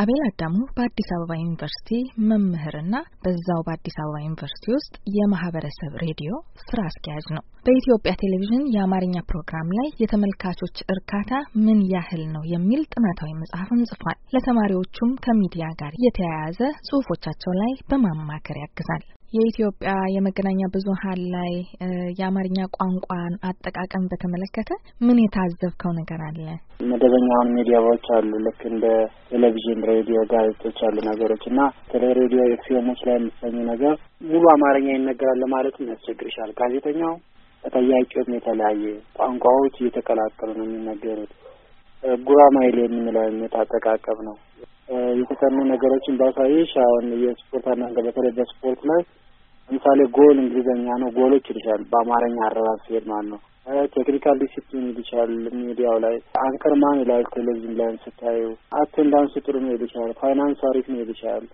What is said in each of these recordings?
አቤል አዳሙ በአዲስ አበባ ዩኒቨርሲቲ መምህርና በዛው በአዲስ አበባ ዩኒቨርሲቲ ውስጥ የማህበረሰብ ሬዲዮ ስራ አስኪያጅ ነው። በኢትዮጵያ ቴሌቪዥን የአማርኛ ፕሮግራም ላይ የተመልካቾች እርካታ ምን ያህል ነው የሚል ጥናታዊ መጽሐፍም ጽፏል። ለተማሪዎቹም ከሚዲያ ጋር የተያያዘ ጽሁፎቻቸው ላይ በማማከር ያግዛል። የኢትዮጵያ የመገናኛ ብዙኃን ላይ የአማርኛ ቋንቋን አጠቃቀም በተመለከተ ምን የታዘብከው ነገር አለ? መደበኛውን ሚዲያዎች አሉ፣ ልክ እንደ ቴሌቪዥን፣ ሬዲዮ፣ ጋዜጦች አሉ ነገሮች እና በተለይ ሬዲዮ ኤፍኤሞች ላይ የምትሰኙ ነገር ሙሉ አማርኛ ይነገራል ለማለትም ያስቸግርሻል። ጋዜጠኛው ተጠያቂውም የተለያየ ቋንቋዎች እየተቀላቀሉ ነው የሚነገሩት። ጉራማይሌ የምንለው አይነት አጠቃቀም ነው። የተሰኑ ነገሮችን ባሳይሽ አሁን የስፖርት አናንገ በተለይ በስፖርት ላይ ለምሳሌ ጎል እንግሊዝኛ ነው ጎሎች ይልሻል በአማርኛ አረባብ ሲሄድ ማለት ነው። ቴክኒካል ዲሲፕሊን ይልሻል ሚዲያው ላይ አንከርማን ይላል ቴሌቪዥን ላይም ስታዩ አቴንዳንስ ጥሩ ነው ይልሻል ፋይናንስ አሪፍ ነው ይልሻል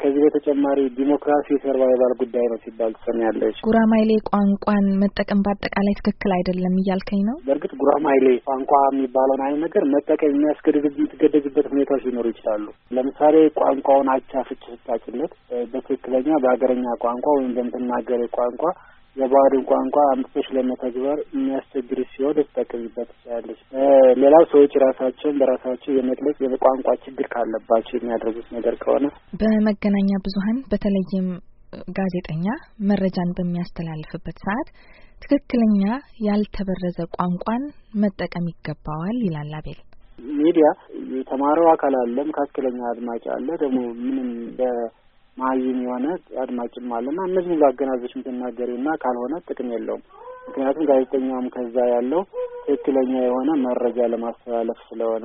ከዚህ በተጨማሪ ዲሞክራሲ ሰርቫይቫል ጉዳይ ነው ሲባል ትሰሚያለሽ። ጉራማይሌ ቋንቋን መጠቀም በአጠቃላይ ትክክል አይደለም እያልከኝ ነው? በእርግጥ ጉራማይሌ ቋንቋ የሚባለውን አይነት ነገር መጠቀም የሚያስገድግበት ሁኔታዎች ሊኖሩ ይችላሉ። ለምሳሌ ቋንቋውን አቻ ፍች ስታጭለት በትክክለኛ በሀገረኛ ቋንቋ ወይም በምትናገሬ ቋንቋ የባዕድን ቋንቋ አምጥቶች ለመተግበር የሚያስቸግር ሲሆን ልትጠቀምበት ትችላለች። ሌላው ሰዎች ራሳቸውን በራሳቸው የመግለጽ የቋንቋ ችግር ካለባቸው የሚያደርጉት ነገር ከሆነ በመገናኛ ብዙኃን በተለይም ጋዜጠኛ መረጃን በሚያስተላልፍበት ሰዓት ትክክለኛ ያልተበረዘ ቋንቋን መጠቀም ይገባዋል ይላል አቤል። ሚዲያ የተማረው አካል አለ፣ መካከለኛ አድማጭ አለ፣ ደግሞ ምንም ማይም የሆነ አድማጭም አለና እነዚህ ሁሉ አገናዘች እና ካልሆነ ጥቅም የለውም። ምክንያቱም ጋዜጠኛውም ከዛ ያለው ትክክለኛ የሆነ መረጃ ለማስተላለፍ ስለሆነ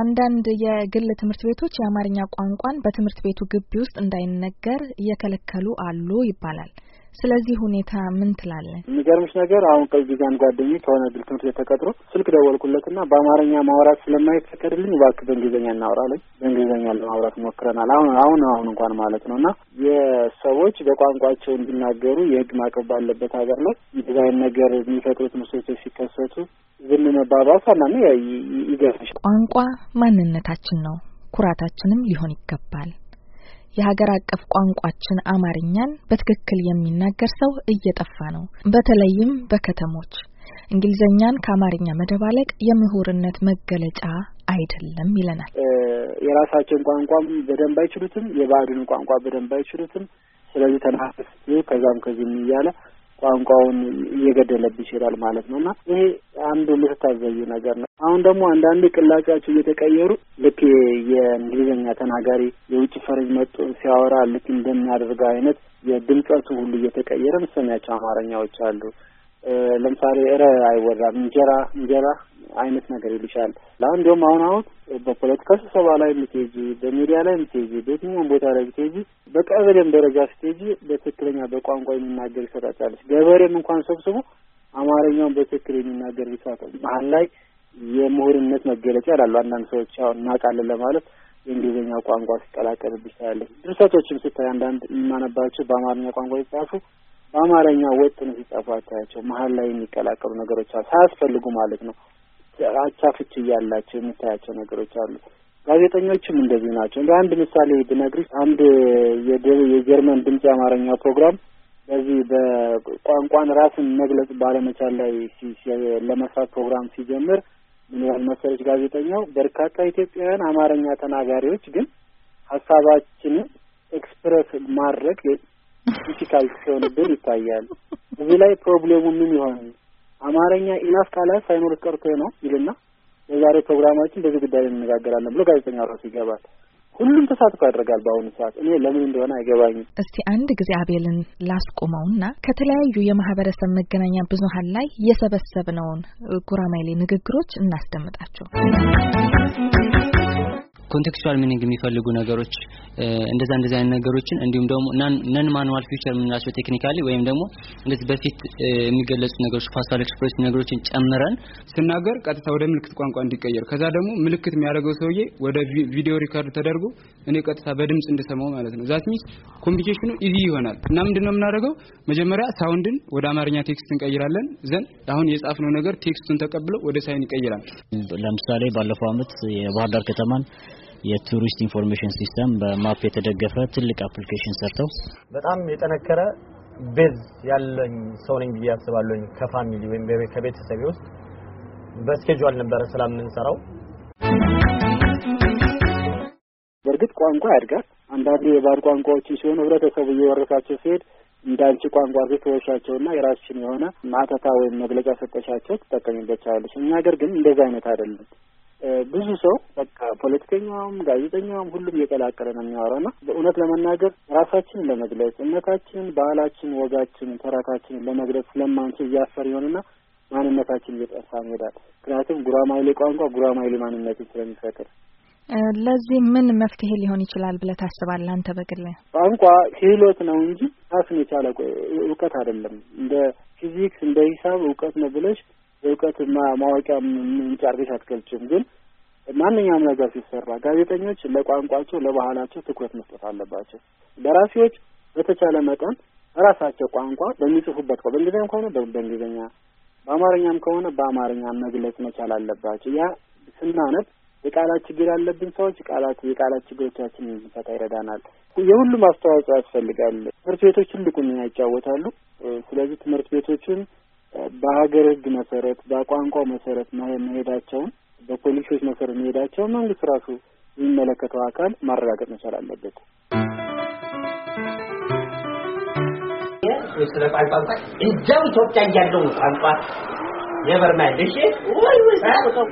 አንዳንድ የግል ትምህርት ቤቶች የአማርኛ ቋንቋን በትምህርት ቤቱ ግቢ ውስጥ እንዳይነገር እየከለከሉ አሉ ይባላል። ስለዚህ ሁኔታ ምን ትላለህ? የሚገርምሽ ነገር አሁን ከዚህ ጋር ጓደኝ ከሆነ ድል ትምህርት ቤት ተቀጥሮ ስልክ ደወልኩለትና በአማርኛ ማውራት ስለማይፈቀድልኝ እባክህ በእንግሊዝኛ እናውራለኝ። በእንግሊዝኛ ለማውራት ሞክረናል። አሁን አሁን አሁን እንኳን ማለት ነው እና የሰዎች በቋንቋቸው እንዲናገሩ የህግ ማዕቀብ ባለበት ሀገር ላይ ዲዛይን ነገር የሚፈቅዱ ትምህርቶች ሲከሰቱ ዝም መባባስ አናምን ይገርምሽ። ቋንቋ ማንነታችን ነው፣ ኩራታችንም ሊሆን ይገባል። የሀገር አቀፍ ቋንቋችን አማርኛን በትክክል የሚናገር ሰው እየጠፋ ነው፣ በተለይም በከተሞች። እንግሊዘኛን ከአማርኛ መደባለቅ የምሁርነት መገለጫ አይደለም ይለናል። የራሳቸውን ቋንቋ በደንብ አይችሉትም፣ የባዕዱን ቋንቋ በደንብ አይችሉትም። ስለዚህ ተናስ ከዛም ከዚህም እያለ ቋንቋውን እየገደለብ ይችላል ማለት ነው እና ይሄ አንዱ ልትታዘዩ ነገር ነው። አሁን ደግሞ አንዳንድ ቅላጫቸው እየተቀየሩ ልክ የእንግሊዝኛ ተናጋሪ የውጭ ፈረጅ መጡ ሲያወራ ልክ እንደሚያደርገው አይነት የድምጸቱ ሁሉ እየተቀየረ ምሰሚያቸው አማርኛዎች አሉ። ለምሳሌ እረ አይወራም እንጀራ እንጀራ አይነት ነገር ይልሻል። ለአሁን እንዲሁም አሁን አሁን በፖለቲካ ስብሰባ ላይ የምትሄጂ፣ በሚዲያ ላይ የምትሄጂ፣ በየትኛውም ቦታ ላይ ብትሄጂ፣ በቀበሌም ደረጃ ስትሄጂ በትክክለኛ በቋንቋ የሚናገር ይሰጣጫለች። ገበሬም እንኳን ሰብስቦ አማርኛውን በትክክል የሚናገር ይሰጣ መሀል ላይ የምሁርነት መገለጫ ያላሉ አንዳንድ ሰዎች አሁን እናውቃለን ለማለት የእንግሊዝኛ ቋንቋ ሲቀላቀልብሽ ታያለች። ድርሰቶችም ስታይ አንዳንድ የማነባቸው በአማርኛ ቋንቋ ሲጻፉ በአማርኛ ወጥ ነው ሲጻፉ አታያቸው። መሀል ላይ የሚቀላቀሉ ነገሮች ሳያስፈልጉ ማለት ነው። አቻ ፍቺ እያላቸው የምታያቸው ነገሮች አሉ። ጋዜጠኞችም እንደዚህ ናቸው። እንደ አንድ ምሳሌ ብነግርሽ አንድ የጀርመን ድምፅ የአማርኛ ፕሮግራም በዚህ በቋንቋን ራስን መግለጽ ባለመቻል ላይ ለመስራት ፕሮግራም ሲጀምር ምን ያህል መሰለች ጋዜጠኛው በርካታ ኢትዮጵያውያን አማርኛ ተናጋሪዎች ግን ሀሳባችንን ኤክስፕረስ ማድረግ ዲፊካልት ሲሆንብን ይታያል። እዚህ ላይ ፕሮብሌሙ ምን ይሆን አማርኛ ኢናፍ ቃላት ሳይኖር ቀርቶ ነው ይልና የዛሬ ፕሮግራማችን በዚህ ጉዳይ እንነጋገራለን ብሎ ጋዜጠኛ ራሱ ይገባል። ሁሉም ተሳትፎ ያደርጋል። በአሁኑ ሰዓት እኔ ለምን እንደሆነ አይገባኝም። እስቲ አንድ ጊዜ አቤልን ላስቆመውና ከተለያዩ የማህበረሰብ መገናኛ ብዙኃን ላይ የሰበሰብነውን ጉራማይሌ ንግግሮች እናስደምጣቸው። ኮንቴክስቹዋል ሚኒንግ የሚፈልጉ ነገሮች እንደዛ እንደዛ አይነት ነገሮችን እንዲሁም ደግሞ ነን ማኑዋል ፊውቸር የምንላቸው ቴክኒካሊ ወይም ደግሞ እንደዚህ በፊት የሚገለጹ ነገሮች ፓስዋል ኤክስፕሬስ ነገሮችን ጨምረን ስናገር ቀጥታ ወደ ምልክት ቋንቋ እንዲቀየር ከዛ ደግሞ ምልክት የሚያደርገው ሰውዬ ወደ ቪዲዮ ሪከርድ ተደርጎ እኔ ቀጥታ በድምጽ እንድሰማው ማለት ነው። ዛት ሚስ ኮሚኒኬሽኑ ኢዚ ይሆናል እና ምንድነው የምናደርገው መጀመሪያ ሳውንድን ወደ አማርኛ ቴክስት እንቀይራለን። ዘን አሁን የጻፍነው ነገር ቴክስቱን ተቀብለው ወደ ሳይን ይቀይራል። ለምሳሌ ባለፈው አመት የባህር ዳር ከተማን የቱሪስት ኢንፎርሜሽን ሲስተም በማፕ የተደገፈ ትልቅ አፕሊኬሽን ሰርተው በጣም የጠነከረ ቤዝ ያለኝ ሰው ነኝ ብዬ አስባለሁኝ። ከፋሚሊ ወይም ከቤተሰቤ ውስጥ በስኬጁል ነበረ ስለምንሰራው። በእርግጥ ቋንቋ ያድጋል። አንዳንድ የባህል ቋንቋዎችን ሲሆን ህብረተሰቡ እየወረሳቸው ሲሄድ እንዳንቺ ቋንቋ ቋንቋ አድርገሽ እና የራስሽን የሆነ ማተታ ወይም መግለጫ ሰጠሻቸው ትጠቀሚበታለሽ። እኛ ሀገር ግን እንደዛ አይነት አይደለም። ብዙ ሰው በቃ ፖለቲከኛውም ጋዜጠኛውም ሁሉም እየቀላቀለ ነው የሚያወራው እና በእውነት ለመናገር ራሳችንን ለመግለጽ እምነታችንን፣ ባህላችን፣ ወጋችን፣ ተረታችንን ለመግለጽ ስለማንችል እያፈር ይሆንና ማንነታችን እየጠፋ ይሄዳል። ምክንያቱም ጉራማይሌ ቋንቋ ጉራማይሌ ማንነትን ስለሚፈጥር ለዚህ ምን መፍትሄ ሊሆን ይችላል ብለህ ታስባለህ? አንተ በግል ቋንቋ ክህሎት ነው እንጂ ራስን የቻለ እውቀት አይደለም። እንደ ፊዚክስ እንደ ሂሳብ እውቀት ነው ብለሽ እውቀትና ማወቂያ ምንጭ አድርገሽ አትገልጭም። ግን ማንኛውም ነገር ሲሰራ ጋዜጠኞች ለቋንቋቸው፣ ለባህላቸው ትኩረት መስጠት አለባቸው። ደራሲዎች በተቻለ መጠን በራሳቸው ቋንቋ በሚጽፉበት ቋ በእንግሊዝኛም ከሆነ በእንግሊዝኛ በአማርኛም ከሆነ በአማርኛ መግለጽ መቻል አለባቸው። ያ ስናነት የቃላት ችግር ያለብን ሰዎች ቃላት የቃላት ችግሮቻችን እንድንፈታ ይረዳናል። የሁሉም አስተዋጽኦ ያስፈልጋል። ትምህርት ቤቶች ትልቁን ሚና ይጫወታሉ። ስለዚህ ትምህርት ቤቶችን በሀገር ህግ መሰረት በቋንቋው መሰረት መሄዳቸውን በፖሊሶች መሰረት መሄዳቸውን መንግስት ራሱ የሚመለከተው አካል ማረጋገጥ መቻል አለበት። ስለ ቋንቋ እንኳን ኢትዮጵያ እያለው ቋንቋ ኔቨር ማይንድ እሺ ወይ ወይ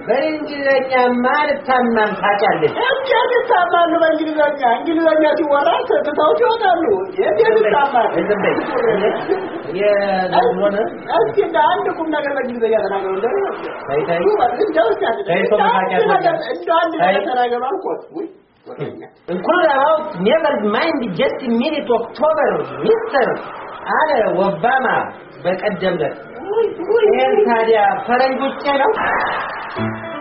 በእንግሊዘኛ አልታማም ታውቂያለሽ እንዴ ልታማሉ በእንግሊዘኛ እንግሊዘኛ ሲወራ ትተውት ይወጣሉ እንዴት ልታማሉ ዝም በይ እስኪ እንደ አንድ ቁም ነገር በእንግሊዘኛ ተናገሩ እንደ ኔቨር ማይንድ ጀስት ሚኒት ኦክቶበር ሚስተር አለ ኦባማ በቀደም ዕለት Uy, uy, uy. Ensayar para el buchero.